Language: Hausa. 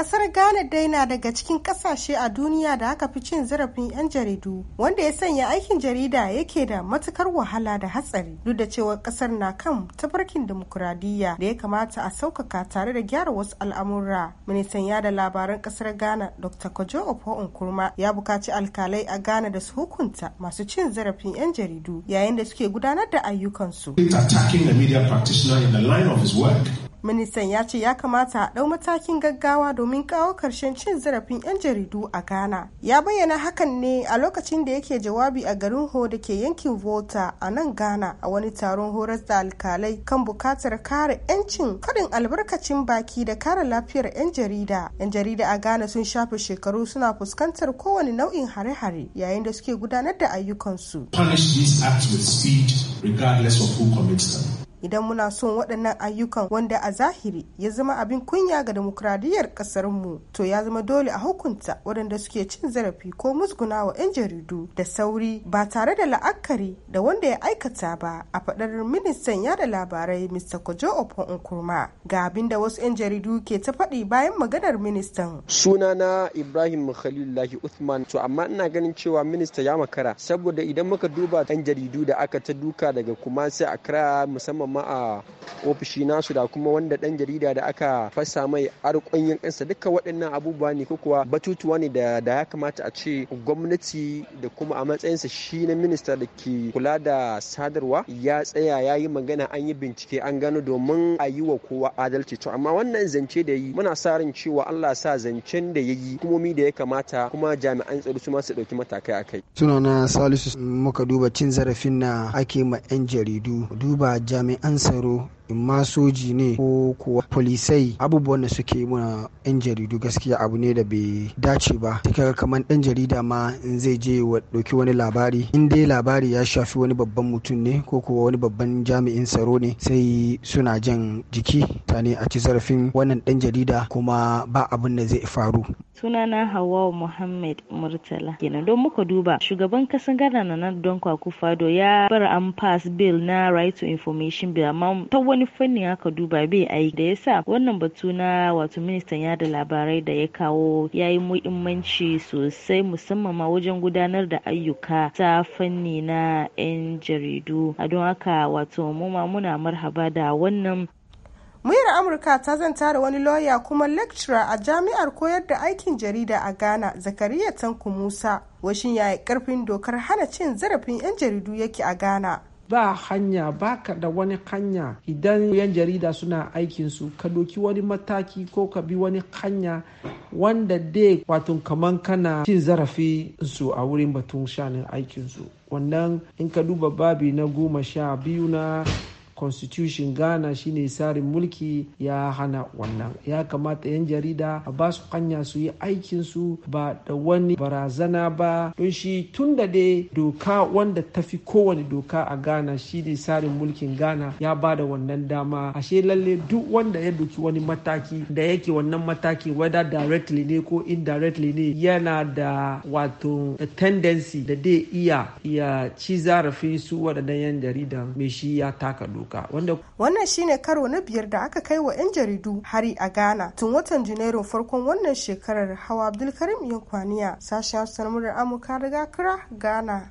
Kasar Ghana dai na daga cikin kasashe a duniya da aka fi cin zarafin 'yan jaridu wanda ya sanya aikin jarida yake da matukar wahala da hatsari duk da cewa kasar na kan tafarkin dimokuradiyya, da ya kamata a sauƙaƙa tare da gyara wasu al'amura. Ministan yada labaran kasar Ghana Dr. Kojo Opo Nkrumah ya buƙaci alkalai a Ghana da su hukunta masu cin zarafin 'yan jaridu yayin da suke gudanar da ayyukansu. ministan ya ce ya kamata a ɗau matakin gaggawa domin kawo ƙarshen cin zarafin 'yan jaridu a ghana ya bayyana hakan ne a lokacin da yake jawabi a garin ho da ke yankin volta a nan ghana a wani taron horas da alkalai kan bukatar kare 'yancin faɗin albarkacin baki da kare lafiyar 'yan jarida 'yan jarida a ghana sun shafe shekaru suna fuskantar kowane nau'in hare-hare yayin da suke gudanar da ayyukansu. Punish these acts with speed regardless of who commits them. idan muna son waɗannan ayyukan wanda a zahiri ya zama abin kunya ga demokradiyyar ƙasarmu to ya zama dole a hukunta waɗanda suke cin zarafi ko musguna wa 'yan jaridu da sauri ba tare da la'akari da wanda ya aikata ba a faɗar ministan yada labarai mr kojo ofo nkurma ga abin da wasu 'yan jaridu ke ta faɗi bayan maganar ministan sunana ibrahim khalilullahi uthman to amma ina ganin cewa minista ya makara saboda idan muka duba 'yan jaridu da aka ta duka daga kuma a kira musamman musamman a ofishi nasu da kuma wanda dan jarida da aka fasa mai yin kansa duka waɗannan abubuwa ne ko kuwa batutuwa ne da ya kamata a ce gwamnati da kuma a matsayinsa shi na minista da ke kula da sadarwa ya tsaya ya yi magana an yi bincike an gano domin a yi wa kowa adalci to amma wannan zance da yi muna sa ran cewa Allah sa zancen da ya yi hukumomi da ya kamata kuma jami'an tsaro su ma su dauki matakai akai kai. Sunana Salisu muka duba cin zarafin na ake ma 'yan jaridu duba jami'an an tsaro in ma soji ne ko kuwa polisai abubuwan da suke yi mana yan jaridu gaskiya abu ne da bai dace ba sai kaga kamar dan jarida ma in zai je wa dauki wani labari in dai labari ya shafi wani babban mutum ne ko kuwa wani babban jami'in tsaro ne sai suna jan jiki tane a ci zarafin wannan dan jarida kuma ba abin da zai faru sunana Hawwa Muhammad Murtala kenan don muka duba shugaban kasan Ghana na nan don Akufo-Addo ya bar an pass bill na right to information bill amma ta wani fanni aka duba bai aiki da yasa wannan batu na wato ministan yada labarai da ya kawo ya yi muhimmanci sosai musamman ma wajen gudanar da ayyuka ta fanni na 'yan jaridu a don haka wato mu ma muna marhaba da wannan muryar amurka ta zanta da wani lauya kuma lecturer a jami'ar koyar da aikin jarida a ghana zakariya tanku musa washin yayi karfin dokar hana cin zarafin 'yan jaridu yake a ghana ba hanya baka da wani hanya idan yan jarida suna aikin su ka doki wani mataki ko ka bi wani hanya wanda dai wato kaman kana cin zarafi su a wurin batun shanin aikinsu wannan in ka duba babi na goma sha biyu na constitution ghana shine tsarin mulki ya hana wannan ya kamata 'yan jarida a ba su hanya su yi aikinsu ba da wani barazana ba don shi tun da dai doka wanda ta fi kowane doka a ghana shine tsarin mulkin ghana ya ba da wannan dama ashe lalle duk wanda ya doki wani mataki da yake wannan mataki whether directly ne ko indirectly ne yana da wato tendency da dai iya iya ci zarafin su waɗannan 'yan jarida mai shi ya taka doka wanda wannan shine karo na biyar da aka kai wa 'yan jaridu hari a ghana tun watan janairun farkon wannan shekarar hawa abdulkarim yankwaniya sashen hausa na amurka daga Accra, ghana